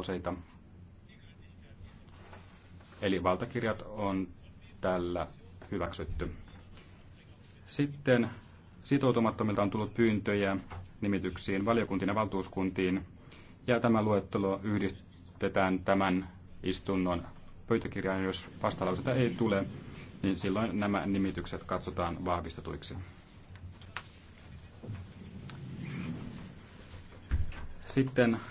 useita. Eli valtakirjat on tällä hyväksytty. Sitten sitoutumattomilta on tullut pyyntöjä nimityksiin valiokuntiin ja valtuuskuntiin, ja tämä luettelo yhdistetään tämän istunnon pöytäkirjaan. Jos vastalauseita ei tule, niin silloin nämä nimitykset katsotaan vahvistetuiksi. Sitten